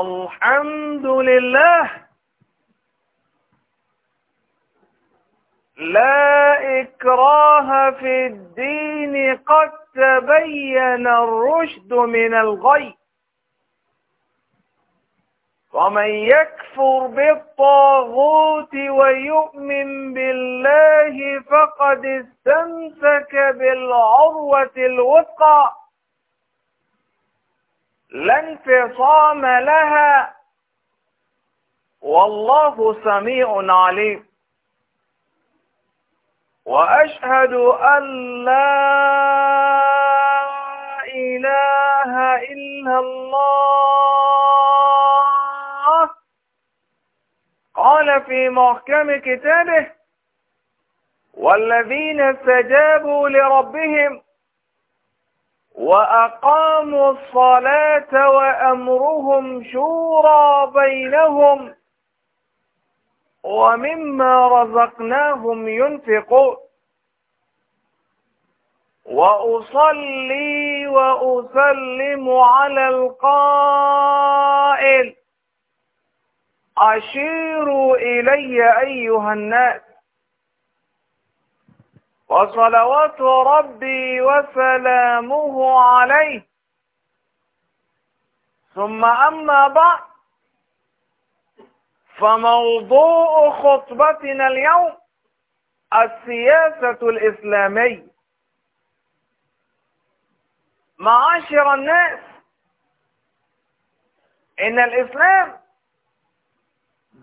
الحمد لله لا إكراه في الدين قد تبين الرشد من الغي ومن يكفر بالطاغوت ويؤمن بالله فقد استمسك بالعروة الوثقى لا انفصام لها والله سميع عليم وأشهد أن لا إله إلا الله قال في محكم كتابه والذين استجابوا لربهم وأقاموا الصلاة وأمرهم شورى بينهم ومما رزقناهم ينفقون وأصلي وأسلم على القائل أشيروا إلي أيها الناس وصلوات ربي وسلامه عليه ثم أما بعد فموضوع خطبتنا اليوم السياسة الإسلامية معاشر الناس إن الإسلام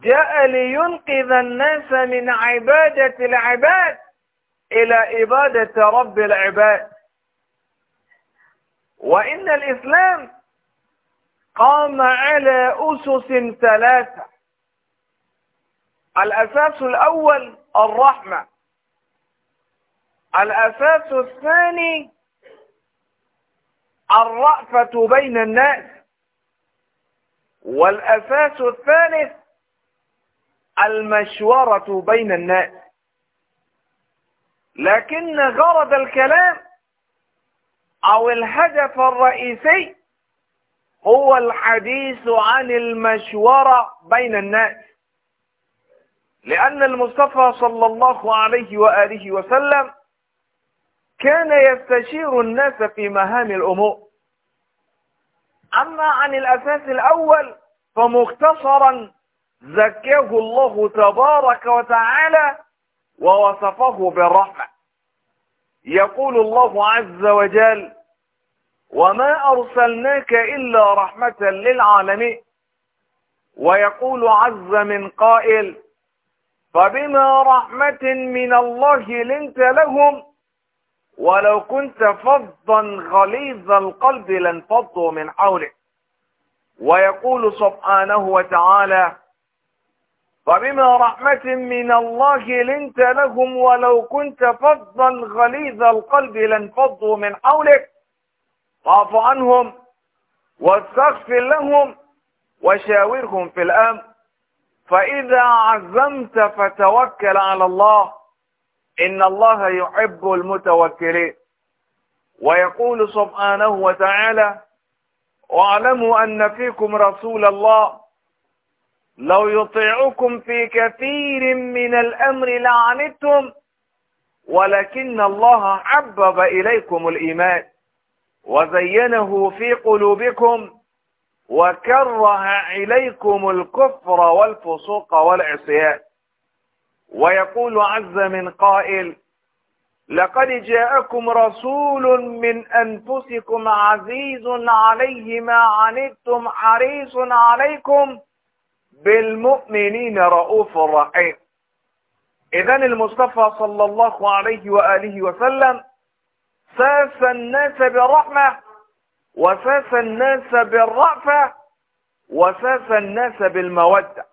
جاء لينقذ الناس من عبادة العباد إلى عبادة رب العباد وإن الإسلام قام على أسس ثلاثة الأساس الأول الرحمة الأساس الثاني الرأفة بين الناس والأساس الثالث المشورة بين الناس لكن غرض الكلام أو الهدف الرئيسي هو الحديث عن المشورة بين الناس لأن المصطفى صلى الله عليه وآله وسلم كان يستشير الناس في مهام الأمور أما عن الأساس الأول فمختصرا زكاه الله تبارك وتعالى ووصفه بالرحمة يقول الله عز وجل وما أرسلناك إلا رحمة للعالمين ويقول عز من قائل فبما رحمة من الله لنت لهم ولو كنت فظا غليظ القلب لانفضوا من حولك ويقول سبحانه وتعالى وبما رحمة من الله لنت لهم ولو كنت فظا غليظ القلب لانفضوا من حولك فاعف عنهم واستغفر لهم وشاورهم في الأمر فإذا عزمت فتوكل على الله إن الله يحب المتوكلين ويقول سبحانه وتعالى واعلموا أن فيكم رسول الله لو يطيعكم في كثير من الأمر لعنتم ولكن الله حبب إليكم الإيمان وزينه في قلوبكم وكره إليكم الكفر والفسوق والعصيان ويقول عز من قائل لقد جاءكم رسول من أنفسكم عزيز عليه ما عنتم حريص عليكم بالمؤمنين رؤوف رحيم إذا المصطفى صلى الله عليه وآله وسلم ساس الناس بالرحمة وساس الناس بالرأفة وساس الناس بالمودة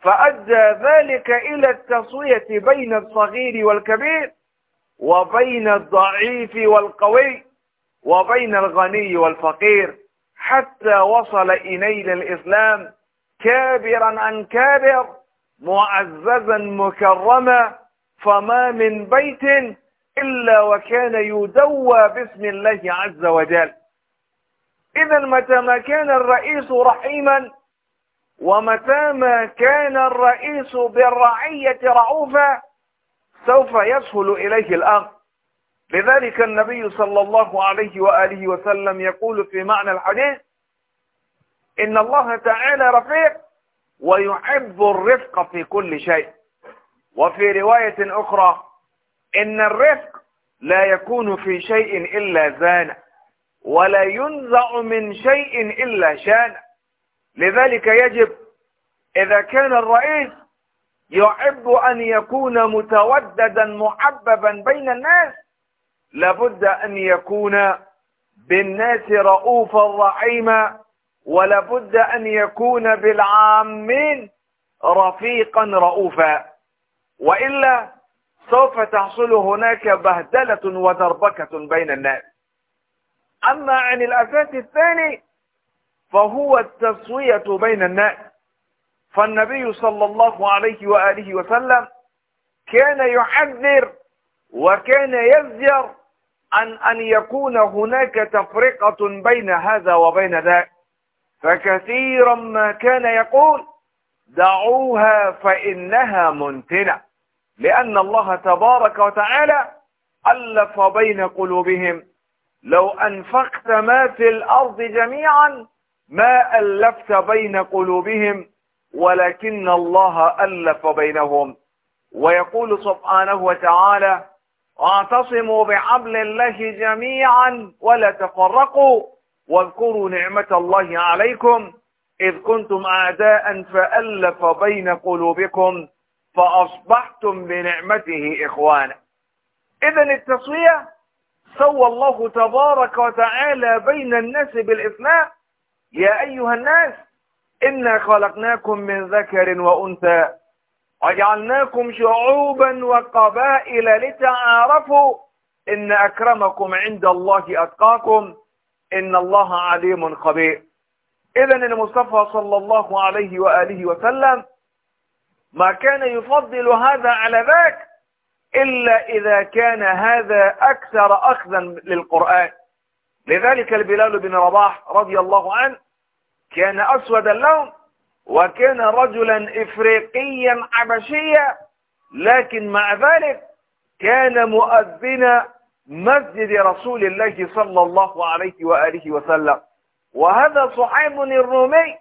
فأدى ذلك إلى التسوية بين الصغير والكبير وبين الضعيف والقوي وبين الغني والفقير حتى وصل إلينا الإسلام كابرا عن كابر معززا مكرما فما من بيت إلا وكان يدوى باسم الله عز وجل إذا متى ما كان الرئيس رحيما ومتى ما كان الرئيس بالرعية رعوفا سوف يسهل إليه الأمر لذلك النبي صلى الله عليه وآله وسلم يقول في معنى الحديث إن الله تعالى رفيق ويحب الرفق في كل شيء وفي رواية أخرى إن الرفق لا يكون في شيء إلا زان ولا ينزع من شيء إلا شان لذلك يجب إذا كان الرئيس يحب أن يكون متوددا محببا بين الناس لابد أن يكون بالناس رؤوفا رحيما ولابد أن يكون بالعامين رفيقا رؤوفا وإلا سوف تحصل هناك بهدلة ودربكة بين الناس أما عن الأساس الثاني فهو التسوية بين الناس فالنبي صلى الله عليه وآله وسلم كان يحذر وكان يزجر عن أن يكون هناك تفرقة بين هذا وبين ذاك فكثيرا ما كان يقول دعوها فإنها منتنة لأن الله تبارك وتعالى ألف بين قلوبهم لو أنفقت ما في الأرض جميعا ما ألفت بين قلوبهم ولكن الله ألف بينهم ويقول سبحانه وتعالى اعتصموا بحبل الله جميعا ولا تفرقوا واذكروا نعمة الله عليكم إذ كنتم أعداء فألف بين قلوبكم فأصبحتم بنعمته إخوانا إذا التسوية سوى الله تبارك وتعالى بين الناس بالإثناء يا أيها الناس إنا خلقناكم من ذكر وأنثى وجعلناكم شعوبا وقبائل لتعارفوا إن أكرمكم عند الله أتقاكم إن الله عليم خبير إذا المصطفى صلى الله عليه وآله وسلم ما كان يفضل هذا على ذاك إلا إذا كان هذا أكثر أخذا للقرآن لذلك البلال بن رباح رضي الله عنه كان أسود اللون وكان رجلا إفريقيا عبشيا لكن مع ذلك كان مؤذنا مسجد رسول الله صلى الله عليه وآله وسلم وهذا صحيم الرومي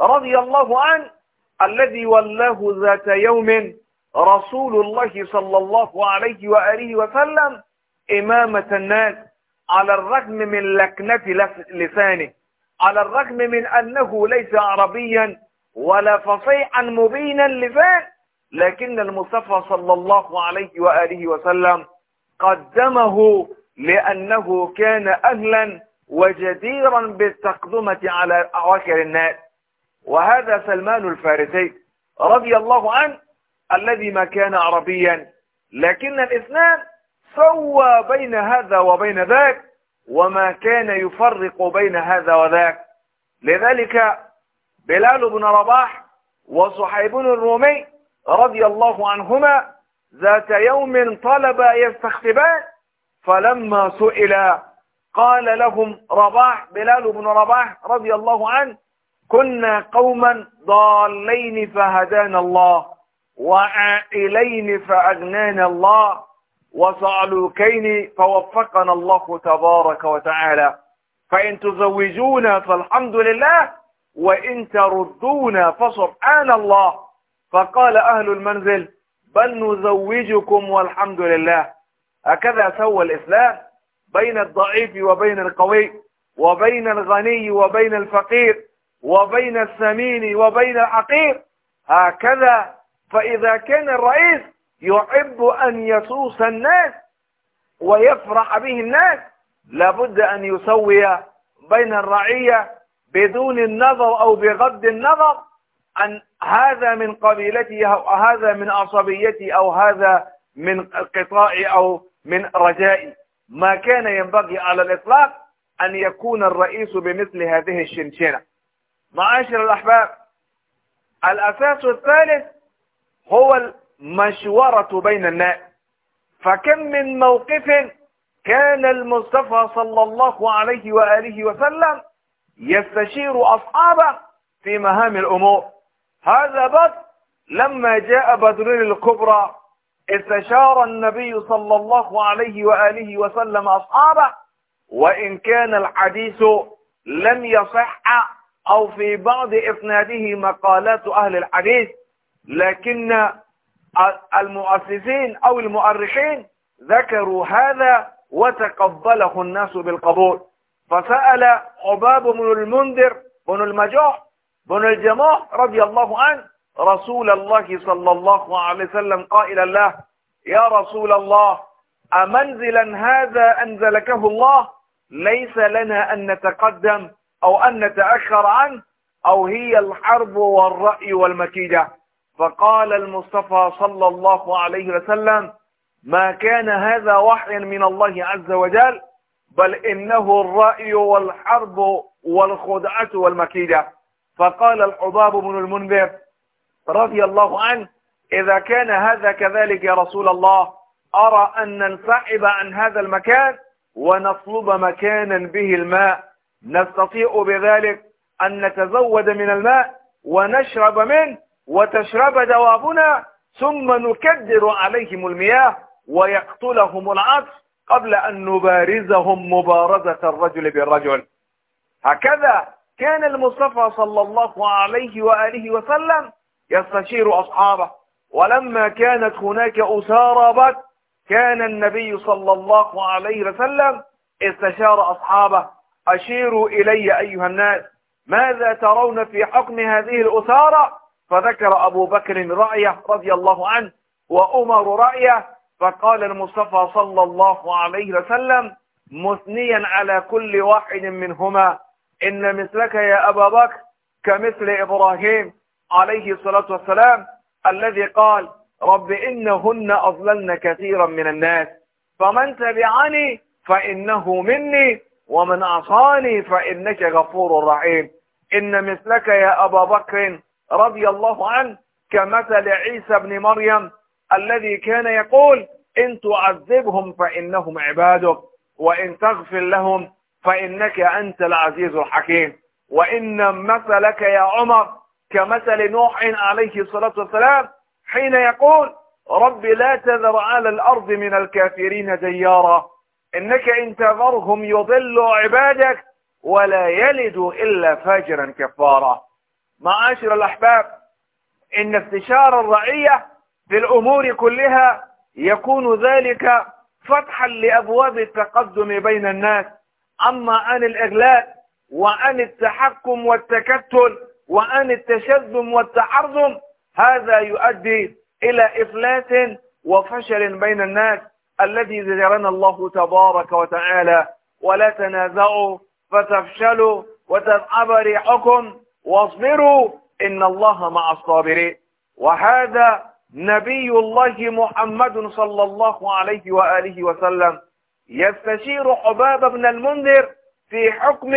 رضي الله عنه الذي ولاه ذات يوم رسول الله صلى الله عليه وآله وسلم إمامة الناس على الرغم من لكنة لسانه على الرغم من أنه ليس عربيا ولا فصيحا مبينا لسان لكن المصطفى صلى الله عليه وآله وسلم قدمه لأنه كان أهلا وجديرا بالتقدمة على أواخر الناس وهذا سلمان الفارسي رضي الله عنه الذي ما كان عربيا لكن الإثنان سوى بين هذا وبين ذاك وما كان يفرق بين هذا وذاك لذلك بلال بن رباح وصحيب الرومي رضي الله عنهما ذات يوم طلب يستخطبان فلما سئل قال لهم رباح بلال بن رباح رضي الله عنه كنا قوما ضالين فهدانا الله وعائلين فأغنانا الله وصعلوكين فوفقنا الله تبارك وتعالى فإن تزوجونا فالحمد لله وإن تردونا فسبحان الله فقال أهل المنزل بل نزوجكم والحمد لله هكذا سوى الإسلام بين الضعيف وبين القوي وبين الغني وبين الفقير وبين الثمين وبين العقير هكذا فإذا كان الرئيس يحب أن يسوس الناس ويفرح به الناس لابد أن يسوي بين الرعية بدون النظر أو بغض النظر أن هذا من قبيلتي أو هذا من عصبيتي أو هذا من قطائي أو من رجائي ما كان ينبغي على الإطلاق أن يكون الرئيس بمثل هذه الشنشنة معاشر الأحباب الأساس الثالث هو المشورة بين الناس فكم من موقف كان المصطفى صلى الله عليه وآله وسلم يستشير أصحابه في مهام الأمور هذا بدر لما جاء بدر الكبرى استشار النبي صلى الله عليه وآله وسلم أصحابه وإن كان الحديث لم يصح أو في بعض إسناده مقالات أهل الحديث لكن المؤسسين أو المؤرخين ذكروا هذا وتقبله الناس بالقبول فسأل عباب بن المنذر بن المجوح بن الجماح رضي الله عنه رسول الله صلى الله عليه وسلم قائلا له يا رسول الله أمنزلا هذا أنزلكه الله ليس لنا أن نتقدم أو أن نتأخر عنه أو هي الحرب والرأي والمكيدة فقال المصطفى صلى الله عليه وسلم ما كان هذا وحيا من الله عز وجل بل إنه الرأي والحرب والخدعة والمكيدة فقال الحباب بن المنذر رضي الله عنه إذا كان هذا كذلك يا رسول الله أرى أن ننسحب عن هذا المكان ونطلب مكانا به الماء نستطيع بذلك أن نتزود من الماء ونشرب منه وتشرب دوابنا ثم نكدر عليهم المياه ويقتلهم العطف قبل أن نبارزهم مبارزة الرجل بالرجل هكذا كان المصطفى صلى الله عليه وآله وسلم يستشير أصحابه ولما كانت هناك أساربت كان النبي صلى الله عليه وسلم استشار أصحابه أشيروا إلي أيها الناس ماذا ترون في حكم هذه الأسارة فذكر أبو بكر رأيه رضي الله عنه وأمر رأيه فقال المصطفى صلى الله عليه وسلم مثنيا على كل واحد منهما إن مثلك يا أبا بكر كمثل إبراهيم عليه الصلاة والسلام الذي قال رب إنهن أضللن كثيرا من الناس فمن تبعني فإنه مني ومن عصاني فإنك غفور رحيم إن مثلك يا أبا بكر رضي الله عنه كمثل عيسى بن مريم الذي كان يقول إن تعذبهم فإنهم عبادك وإن تغفر لهم فإنك أنت العزيز الحكيم وإن مثلك يا عمر كمثل نوح عليه الصلاة والسلام حين يقول رب لا تذر على الأرض من الكافرين ديارا إنك إن تذرهم يضلوا عبادك ولا يلدوا إلا فاجرا كفارا معاشر الأحباب إن استشار الرعية في الأمور كلها يكون ذلك فتحا لأبواب التقدم بين الناس أما عن الاغلال وعن التحكم والتكتل وعن التشذم والتعرضم هذا يؤدي إلى إفلات وفشل بين الناس الذي ذكرنا الله تبارك وتعالى ولا تنازعوا فتفشلوا وتذهب ريحكم واصبروا إن الله مع الصابرين وهذا نبي الله محمد صلى الله عليه وآله وسلم يستشير حباب بن المنذر في حكم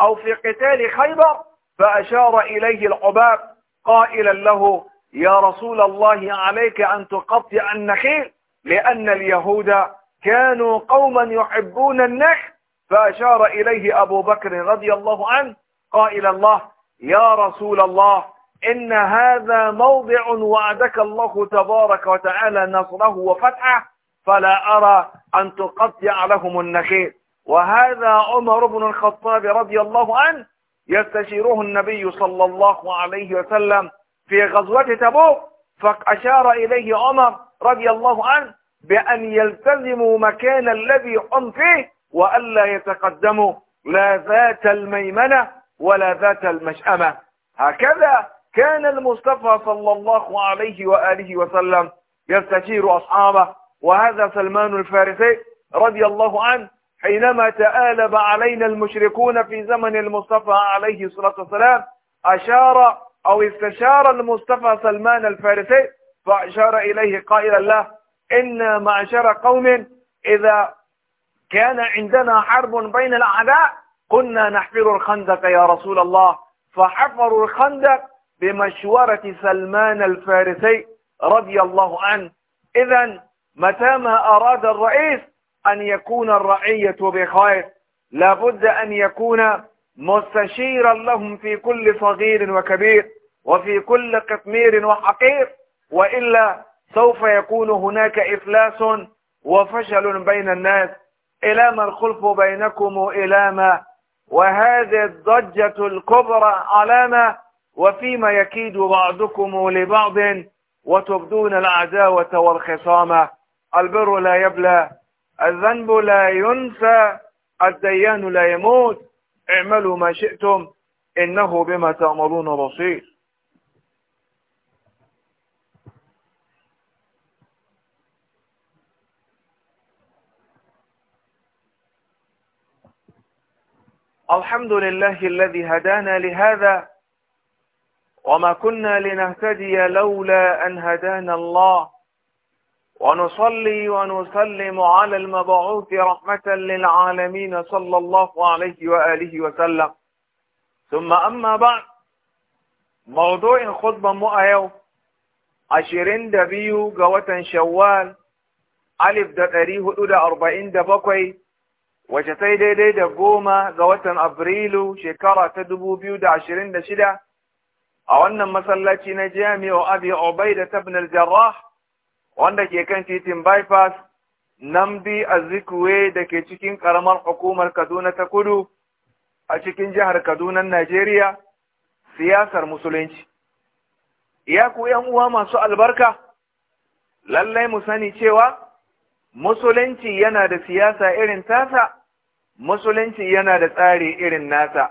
أو في قتال خيبر فأشار إليه العباب قائلا له يا رسول الله عليك أن تقطع النخيل لأن اليهود كانوا قوما يحبون النخل فأشار إليه أبو بكر رضي الله عنه قائلا الله يا رسول الله إن هذا موضع وعدك الله تبارك وتعالى نصره وفتحه فلا أرى أن تقطع لهم النخيل وهذا عمر بن الخطاب رضي الله عنه يستشيره النبي صلى الله عليه وسلم في غزوة تبوك فأشار إليه عمر رضي الله عنه بأن يلتزموا مكان الذي هم فيه وألا يتقدموا لا ذات الميمنة ولا ذات المشأمة هكذا كان المصطفى صلى الله عليه وآله وسلم يستشير أصحابه وهذا سلمان الفارسي رضي الله عنه حينما تآلب علينا المشركون في زمن المصطفى عليه الصلاة والسلام أشار أو استشار المصطفى سلمان الفارسي فأشار إليه قائلا له إن معشر قوم إذا كان عندنا حرب بين الأعداء كنا نحفر الخندق يا رسول الله فحفروا الخندق بمشورة سلمان الفارسي رضي الله عنه إذا متى ما أراد الرئيس أن يكون الرعية بخير لابد أن يكون مستشيرا لهم في كل صغير وكبير وفي كل قطمير وحقير وإلا سوف يكون هناك إفلاس وفشل بين الناس إلى ما الخلف بينكم إلى ما وهذه الضجة الكبرى علامة وفيما يكيد بعضكم لبعض وتبدون العداوة والخصامة البر لا يبلى الذنب لا ينسى الديان لا يموت اعملوا ما شئتم إنه بما تأمرون بصير الحمد لله الذي هدانا لهذا وما كنا لنهتدي لولا أن هدانا الله ونصلي ونسلم على المبعوث رحمة للعالمين صلى الله عليه وآله وسلم ثم أما بعد موضوع خطبة مؤيو عشرين دبيو قوة شوال ألف دقريه أدى أربعين دبقي وشتي دي دي دقوما قوة أبريلو شكرة تدبو بيو دا عشرين دشدة أولنا مسلتي نجامي أبي عبيدة بن الجراح wanda ke kan titin bypass namdi azikwe da ke cikin ƙaramar hukumar kaduna ta kudu a cikin jihar kaduna najeriya siyasar musulunci ya ku yan uwa masu albarka lallai mu sani cewa musulunci yana da siyasa irin tasa musulunci yana da tsari irin nasa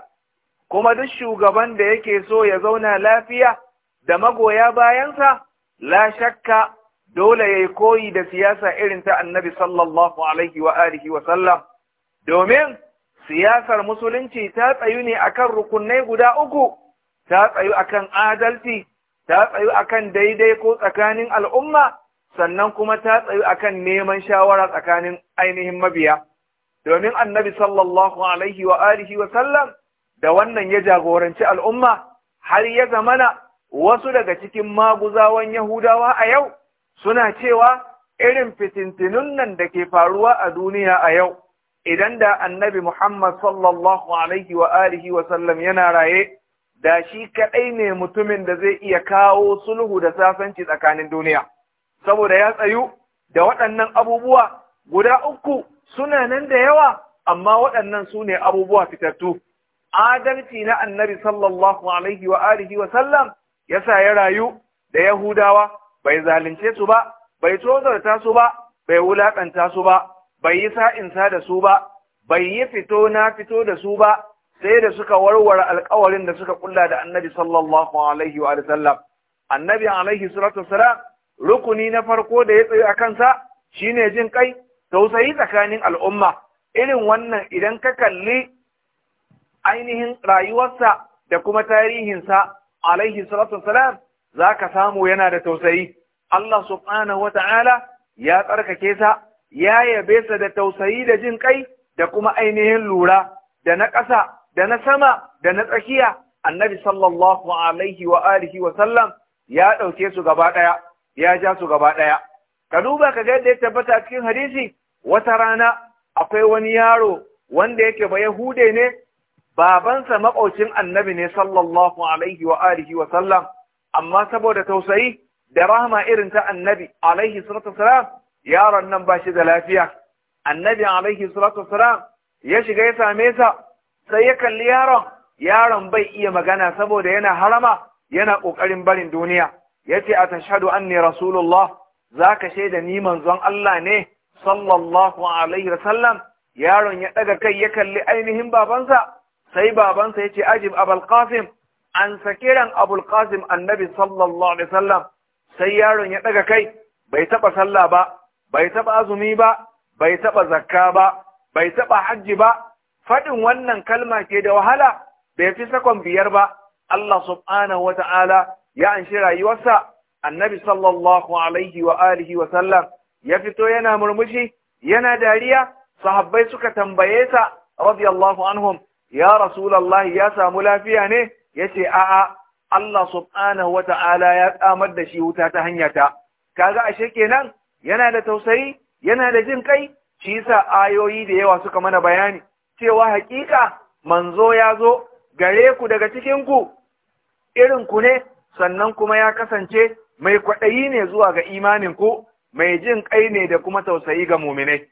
kuma duk shugaban da yake so ya zauna lafiya da magoya bayansa la shakka dole ya koyi da siyasa irin ta annabi sallallahu alaihi wa alihi wa sallam domin siyasar musulunci ta tsayu ne akan rukunai guda uku ta tsayu akan adalci ta tsayu akan daidai ko tsakanin al'umma sannan kuma ta tsayu akan neman shawara tsakanin ainihin mabiya domin annabi sallallahu alaihi wa alihi wa sallam da wannan ya jagoranci al'umma har ya zamana wasu daga cikin maguzawan yahudawa a yau suna cewa irin fitintinun nan da ke faruwa a duniya a yau idan da annabi Muhammad sallallahu alaihi wa alihi wa sallam yana raye da shi kaɗai ne mutumin da zai iya kawo sulhu da sasanci tsakanin duniya saboda ya tsayu da waɗannan abubuwa guda uku suna nan da yawa amma waɗannan su ne abubuwa fitattu adalci na annabi sallallahu alaihi wa alihi wa sallam yasa ya rayu da yahudawa bai zalunce su ba bai tozarta su ba bai wulakanta su ba bai yi sa'insa da su ba bai yi fito na fito da su ba sai da suka warware alkawarin da suka kulla da annabi sallallahu alaihi wa sallam annabi alaihi rukuni na farko da ya tsaye a kansa shine jin kai tausayi tsakanin al'umma irin wannan idan ka kalli ainihin rayuwarsa da kuma tarihinsa alaihi salatu salam. za ka samu yana da tausayi Allah subhanahu wa ta'ala ya tsarkake sa ya yabe sa da tausayi da jin kai da kuma ainihin lura da na ƙasa da na sama da na tsakiya annabi sallallahu alaihi wa alihi wa sallam ya ɗauke su gaba ɗaya ya ja su gaba ɗaya ka duba ka ga yadda ya tabbata cikin hadisi wata rana akwai wani yaro wanda yake ba Yahude ne babansa maƙaucin annabi ne sallallahu alaihi wa alihi wa sallam amma saboda tausayi da rahama irin ta annabi alaihi salatu wasalam yaron nan ba shi da lafiya annabi alaihi salatu wasalam ya shiga ya same sa sai ya kalli yaron yaron bai iya magana saboda yana harama yana kokarin barin duniya yace atashhadu anni rasulullah zaka shaida ni manzon Allah ne sallallahu alaihi wasallam yaron ya daga kai ya kalli ainihin babansa sai babansa yace ajib abul qasim an sake ran abul qasim annabi sallallahu alaihi wasallam sai yaron ya daga kai bai taba sallah ba bai taba azumi ba bai taba zakka ba bai taba hajji ba fadin wannan kalma ke da wahala bai fi sakon biyar ba Allah subhanahu wata'ala ya anshi rayuwarsa annabi sallallahu alaihi wa alihi wa sallam ya fito yana murmushi yana dariya sahabbai suka tambaye sa radiyallahu anhum ya rasulullahi ya samu lafiya ne yace a'a Allah subhanahu wata'ala ya tsamar da shi wuta ta hanya ta kaga ashe kenan yana da tausayi yana da jin kai shi yasa ayoyi da yawa suka mana bayani cewa hakika manzo ya zo gare ku daga cikin ku irin ku ne sannan kuma ya kasance mai kwaɗayi ne zuwa ga imanin ku mai jin kai ne da kuma tausayi ga muminai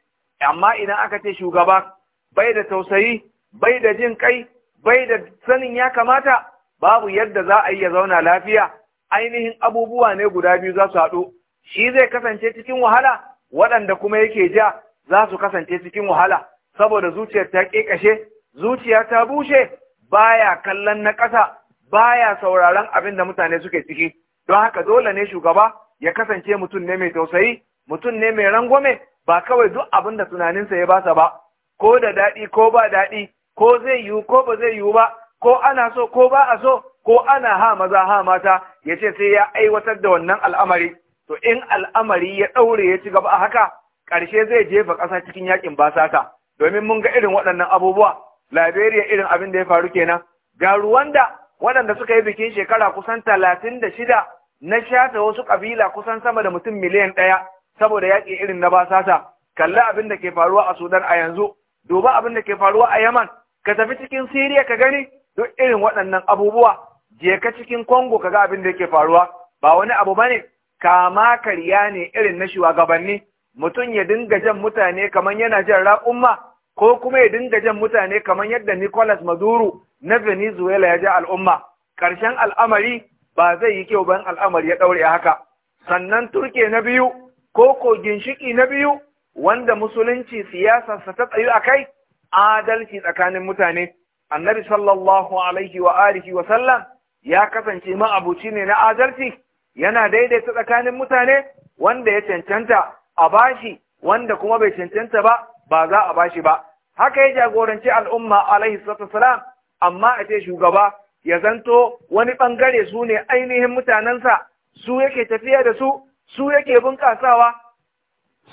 amma idan aka ce shugaba bai da tausayi bai da jin kai bai da sanin ya kamata babu yadda za a iya zauna lafiya ainihin abubuwa ne guda biyu za su haɗu shi zai kasance cikin wahala waɗanda kuma yake ja za su kasance cikin wahala saboda zuciyar ta ƙeƙashe zuciya ta bushe baya kallon na ƙasa baya sauraron abin da mutane suke ciki don haka dole ne shugaba ya kasance mutum ne mai tausayi mutum ne mai rangwame ba kawai duk abin da tunaninsa ya basa ba ko da daɗi ko ba daɗi ko zai yiwu ko ba zai yiwu ba ko ana so ko ba a so ko ana ha maza ha mata ya ce sai ya aiwatar da wannan al'amari to in al'amari ya ɗaure ya ci gaba a haka ƙarshe zai jefa ƙasa cikin yakin basata, domin mun ga irin waɗannan abubuwa Liberia irin abin da ya faru kenan ga da waɗanda suka yi bikin shekara kusan talatin da shida na shafe wasu ƙabila kusan sama da mutum miliyan ɗaya saboda yaƙi irin na basata, kalla abin da ke faruwa a Sudan a yanzu duba abin da ke faruwa a Yaman ka tafi cikin Siriya ka gani duk irin waɗannan abubuwa je ka cikin Kongo ga abin da yake faruwa ba wani abu bane kama karya ne irin na shugabanni mutum ya dinga jan mutane kamar yana jan ra'umma ko kuma ya dinga jan mutane kamar yadda Nicolas Maduro na Venezuela ya ja al'umma Karshen al'amari ba zai yi kyau ban al'amari ya ɗaure haka sannan turke na biyu ko ko ginshiki na biyu wanda musulunci siyasarsa ta tsayu a kai adalci tsakanin mutane annabi sallallahu alaihi wa alihi wa sallam ya kasance ma'abuci ne na adalci yana daidaita tsakanin mutane wanda ya cancanta a bashi wanda kuma bai cancanta ba ba za a bashi ba haka ya jagoranci al'umma alaihi salam, amma a ce shugaba ya zanto wani bangare su ne ainihin mutanensa su yake tafiya da su su yake bunƙasawa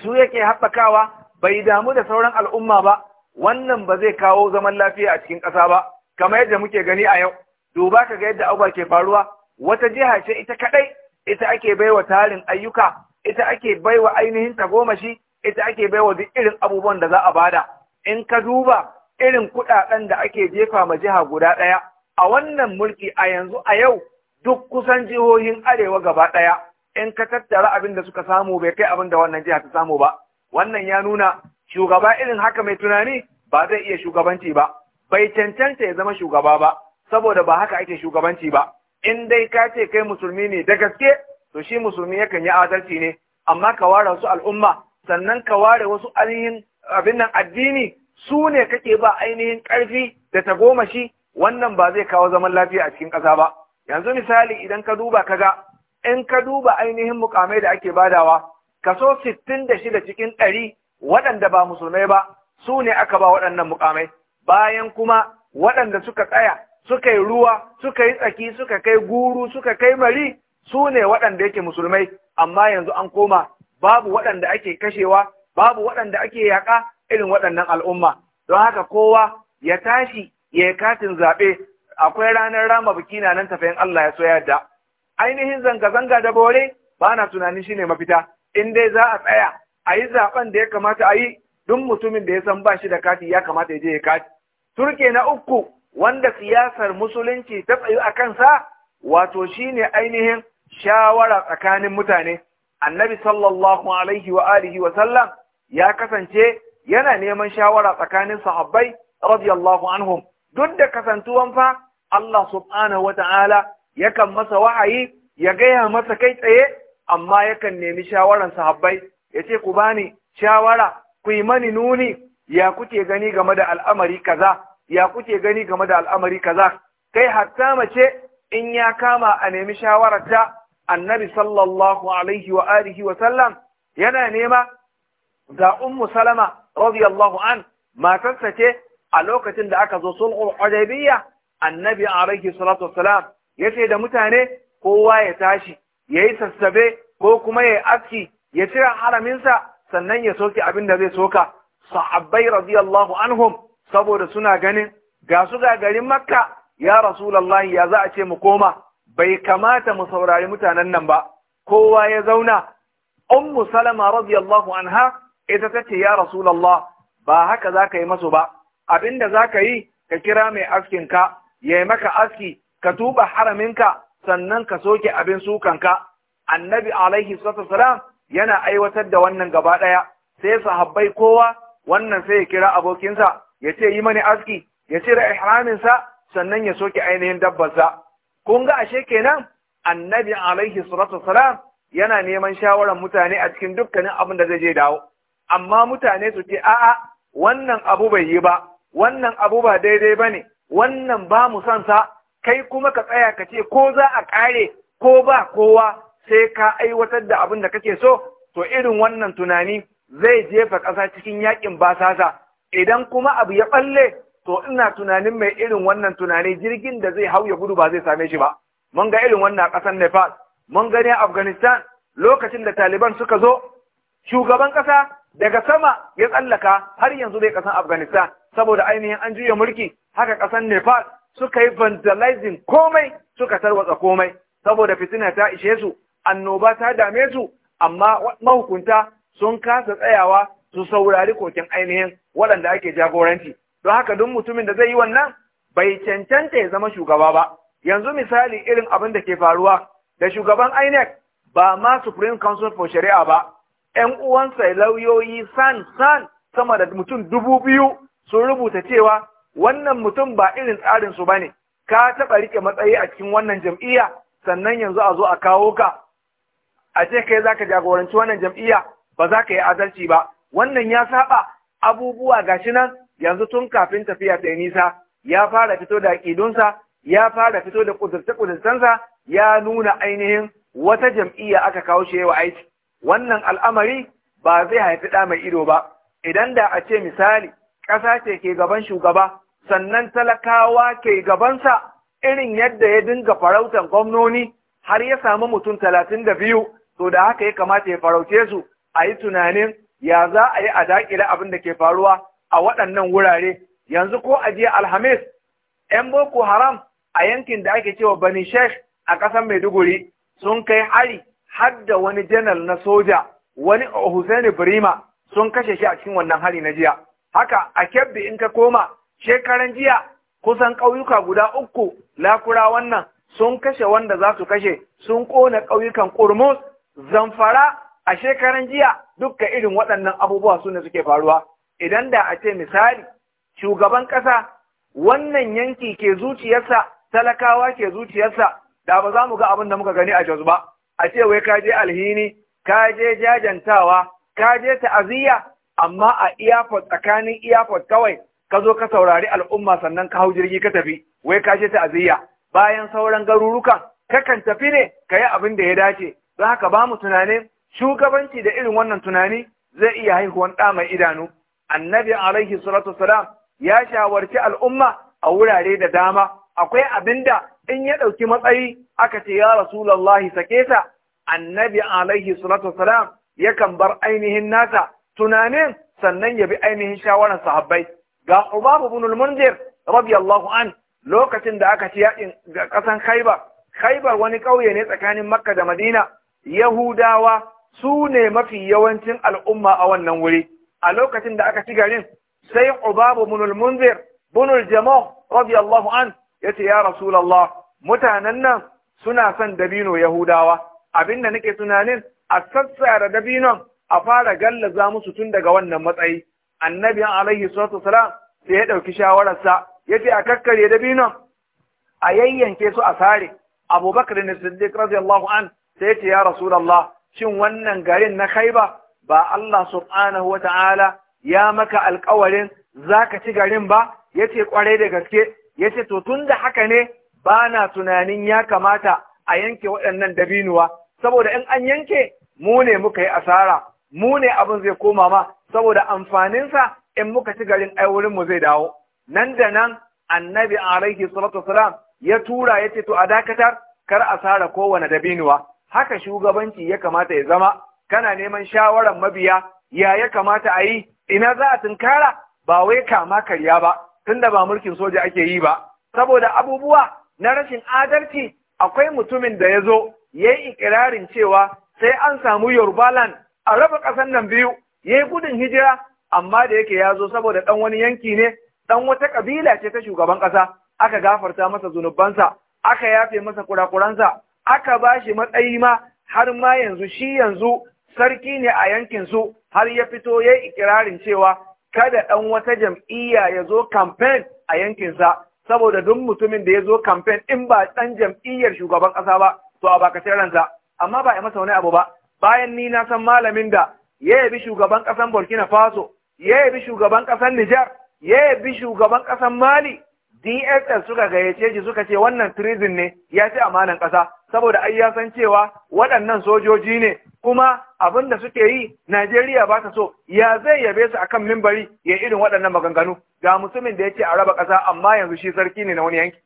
su yake haɓakawa bai damu da sauran al'umma ba wannan ba zai kawo zaman lafiya a cikin ƙasa ba kamar yadda muke gani a yau duba ka ga yadda abuwa ke faruwa wata jiha ce ita kaɗai ita ake baiwa tarin ayyuka ita ake baiwa ainihin tagomashi ita ake baiwa duk irin abubuwan da za a bada in ka duba irin kuɗaɗen da ake jefa ma jiha guda ɗaya a wannan mulki a yanzu a yau duk kusan jihohin arewa gaba ɗaya in ka tattara abin da suka samu bai kai abin da wannan jiha ta samu ba wannan ya nuna shugaba irin haka mai tunani ba zai iya shugabanci ba bai cancanta ya zama shugaba ba saboda ba haka ake shugabanci ba in dai ka ce kai musulmi ne da gaske to shi musulmi yakan yi adalci ne amma ka ware wasu al'umma sannan ka ware wasu ainihin abin nan addini su ne kake ba ainihin ƙarfi da tagomashi wannan ba zai kawo zaman lafiya a cikin ƙasa ba yanzu misali idan ka duba kaga in ka duba ainihin mukamai da ake badawa kaso shida cikin ɗari waɗanda ba musulmai ba su ne aka ba waɗannan mukamai bayan kuma waɗanda suka tsaya suka yi ruwa suka yi tsaki suka kai guru suka kai mari su ne waɗanda yake musulmai amma yanzu an koma babu waɗanda ake kashewa babu waɗanda ake yaƙa irin waɗannan al'umma don haka kowa ya tashi ya yi katin zaɓe akwai ranar rama biki na nan tafiyan Allah ya so yadda ainihin zanga-zanga da bore ba na tunanin shine mafita in dai za a tsaya a yi zaɓen da ya kamata a yi duk mutumin da ya san ba shi da kati ya kamata ya je ya kati. Turke na uku wanda siyasar musulunci ta tsayu a kansa wato shine ainihin shawara tsakanin mutane. Annabi sallallahu alaihi wa alihi wa sallam ya kasance yana neman shawara tsakanin sahabbai radiyallahu anhum duk da kasantuwan fa Allah subhanahu wa ta'ala yakan masa wahayi ya gaya masa kai tsaye amma yakan nemi shawaran sahabbai ya ce ku bani shawara ku yi mani nuni ya kuke gani game da al'amari kaza ya kuke gani game da al'amari kaza kai hatta mace in ya kama a nemi shawararta annabi sallallahu alaihi wa alihi wa sallam yana nema ga ummu salama radiyallahu an matarsa ce a lokacin da aka zo sulhul hudaybiyya annabi alaihi salatu wassalam yace da mutane kowa ya tashi yayi sassabe ko kuma yayi aski ya cire haraminsa sannan ya soke abin da zai soka sahabbai radiyallahu anhum saboda suna ganin ga su ga garin makka ya rasulullahi ya za a ce mu koma bai kamata mu saurari mutanen nan ba kowa ya zauna ummu salama radiyallahu anha ita ta ce ya rasulullah ba haka zaka yi masu ba Abin da za ka yi ka kira mai askin ka yi maka aski ka tuba haraminka sannan ka soke abin sukanka annabi alaihi salatu wasalam yana aiwatar da wannan gaba ɗaya sai sahabbai kowa wannan sai ya kira abokinsa ya ce yi mani aski ya cire ihraminsa sannan ya soke ainihin dabbarsa kun ga ashe kenan annabi alaihi salatu wasalam yana neman shawaran mutane a cikin dukkanin abin da zai je dawo amma mutane su ce a'a wannan abu bai yi ba wannan abu ba daidai ba ne wannan ba mu sansa sa kai kuma ka tsaya ka ce ko za a kare ko ba kowa sai ka aiwatar da abin da kake so to irin wannan tunani zai jefa ƙasa cikin yakin basasa idan kuma abu ya balle to ina tunanin mai irin wannan tunani jirgin da zai hau ya gudu ba zai same shi ba mun ga irin wannan ƙasar Nepal mun gani Afghanistan lokacin da Taliban suka zo shugaban ƙasa daga sama ya tsallaka har yanzu zai ƙasar Afghanistan saboda ainihin an juya mulki haka ƙasar Nepal suka yi vandalizing komai suka tarwatsa komai saboda fitina ta ishe su annoba ta dame su amma mahukunta sun kasa tsayawa su saurari kokin ainihin waɗanda ake jagoranci don haka duk mutumin da zai yi wannan bai cancanta ya zama shugaba ba yanzu misali irin abin da ke faruwa da shugaban INEC ba ma Supreme Council for Shari'a ba ‘yan uwansa lauyoyi san san sama da mutum dubu biyu sun rubuta cewa wannan mutum ba irin tsarin su bane ka taɓa rike matsayi a cikin wannan jam'iyya sannan yanzu a zo a kawo ka a ce kai zaka jagoranci wannan jam'iyya ba za ka yi adalci ba wannan ya saba abubuwa gashi nan yanzu tun kafin tafiya ta nisa ya fara fito da aƙidunsa ya fara fito da kudurce-kudurcensa ya nuna ainihin wata jam'iyya aka kawo shi yawa aiki wannan al'amari ba zai haifi ɗa mai ido ba idan da a ce misali ƙasa ce ke gaban shugaba sannan talakawa ke gabansa irin yadda ya dinga farautan gwamnoni har ya samu mutum talatin da biyu to da haka ya kamata ya farauce su a yi tunanin ya za a yi a daƙile abin da ke faruwa a waɗannan wurare yanzu ko a jiya alhamis 'yan boko haram a yankin da ake cewa bani shesh a ƙasar maiduguri sun kai hari har da wani janar na soja wani ohusaini Birima sun kashe shi a cikin wannan hari na jiya. Haka a kebbi in ka koma shekaran jiya kusan ƙauyuka guda uku lakura wannan sun kashe wanda za su kashe sun ƙona ƙauyukan ƙurmus zamfara a shekaran jiya dukka irin waɗannan abubuwa su ne suke faruwa idan da a ce misali shugaban ƙasa wannan yanki ke zuciyarsa talakawa ke zuciyarsa da ba za mu ga abin da muka gani a Jos ba a ce wai ka je alhini ka je jajantawa ka je ta'aziyya amma a iyafot tsakanin iyafot kawai ka zo ka saurari al'umma sannan ka hau jirgi ka tafi wai ka je ta'aziyya bayan sauran garurukan kakan tafi ne ka yi abin da ya dace za haka ba mu tunanin shugabanci da irin wannan tunani zai iya haihuwan ɗa mai idanu annabi alaihi salatu salam ya shawarci al'umma a wurare da dama akwai abinda in ya ɗauki matsayi aka ce ya rasulallahi sake ta annabi alaihi salatu salam yakan bar ainihin nasa tunanin sannan ya bi ainihin shawarar sahabbai ga Ubabu ibn al-Munzir radiyallahu an lokacin da aka ci yakin ga kasan Khaibar Khaibar wani kauye ne tsakanin Makka da Madina Yahudawa su ne mafi yawancin al'umma a wannan wuri, a lokacin da aka ci garin sai Ubabu munul munzir, bunul jamo, radiyallahu an, ya ce, Ya Rasulallah, mutanen nan suna son dabino Yahudawa, abin da nake tunanin a sassara dabinon a fara gallaza musu tun daga wannan matsayi. Annabi Alayhi salatu salam sai ya ɗauki shawararsa, ya ce a kakkarye dabinon, a yayyanke su a sare. Abubakar ne Siddiq radiyallahu an sai ce ya rasulullah shin wannan garin na kai ba Allah subhanahu Ta'ala ya maka alƙawarin zaka ci garin ba yace kwarai da gaske yace to tun da haka ne ba na tunanin ya kamata a yanke waɗannan dabinuwa saboda in an yanke mu ne muka yi asara mu ne abin zai koma ma saboda amfaninsa in muka ci garin ai mu zai dawo nan da nan annabi alaihi salatu salam ya tura ya ce to a dakatar kar a sara kowane dabinuwa haka shugabanci ya kamata ya zama kana neman shawaran mabiya ya ya kamata a yi ina za a tunkara ba wai kama karya ba tunda ba mulkin soja ake yi ba saboda abubuwa na rashin adalci akwai mutumin da ya zo ya yi ikirarin cewa sai an samu yorbaland a raba ƙasar nan biyu ya yi gudun hijira amma da yake ya zo saboda ɗan wani yanki ne ɗan wata ƙabila ce ta shugaban ƙasa aka gafarta masa zunubansa aka yafe masa kurakuransa aka ba shi matsayi ma har ma yanzu shi yanzu sarki ne a yankin su har ya fito ya yi ikirarin cewa kada ɗan wata jam'iyya ya zo kamfen a yankinsa saboda duk mutumin da ya zo kamfen in ba ɗan jam'iyyar shugaban ƙasa ba to a bakacin ransa amma ba a masa wani abu ba bayan ni na san malamin da ya yabi shugaban ƙasan burkina faso ya yabi shugaban ƙasan nijar ya yabi shugaban ƙasan mali dss suka gayyace shi suka ce wannan treason ne ya ci amanan ƙasa saboda ai ya san cewa waɗannan sojoji ne kuma abin da suke yi Najeriya ba ta so ya zai yabe su akan mimbari ya irin waɗannan maganganu ga mutumin da yake a raba ƙasa amma yanzu shi sarki ne na wani yanki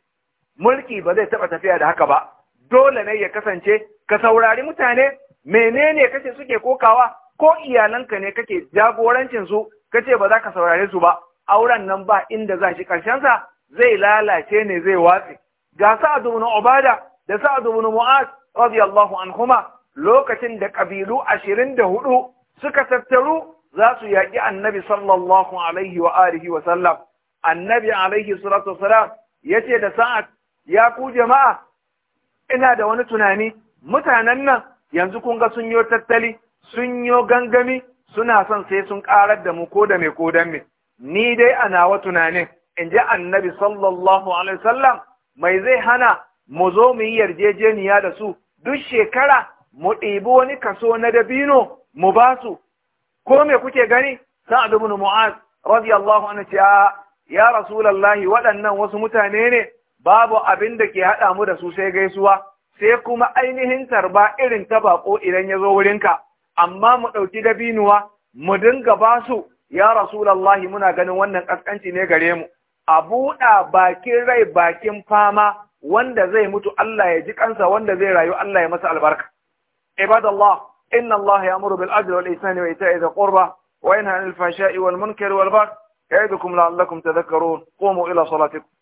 mulki ba zai taɓa tafiya da haka ba dole ne ya kasance ka saurari mutane menene kace suke kokawa ko iyalanka ne kake jagorancin su kace ba za ka saurare su ba auren nan ba inda za shi karshensa zai lalace ne zai watse ga sa'adu na obada da sa'ad ibn mu'az radiyallahu anhuma lokacin da kabilu hudu suka tattaru za su yaƙi annabi sallallahu alaihi wa alihi wa sallam annabi alaihi salatu ya yace da sa'ad ya ku jama'a ina da wani tunani mutanen nan yanzu kun ga sun yo tattali sun yo gangami suna son sai sun ƙarar da mu ko da me ko dan ni dai a nawa tunanin in ji annabi sallallahu alaihi sallam mai zai hana mu zo mu yi yarjejeniya da su duk shekara mu ɗibi wani kaso na dabino mu ba su ko me kuke gani sa'ad ibn mu'az radiyallahu anhu ce ya rasulullahi waɗannan wasu mutane ne babu abin da ke haɗa mu da su sai gaisuwa sai kuma ainihin tarba irin ta bako idan ya zo wurinka amma mu ɗauki dabinuwa mu dinga ba su ya rasulallahi muna ganin wannan ƙasƙanci ne gare mu a buɗa bakin rai bakin fama wanda zai mutu Allah ya ji kansa wanda zai rayu Allah ya masa albarka ibadallah inna Allah ya'muru bil adli wal ihsani wa ita'i dhil qurba wa yanha 'anil fahsha'i wal munkari wal baghi ya'idukum la'allakum tadhakkarun qumu ila salatikum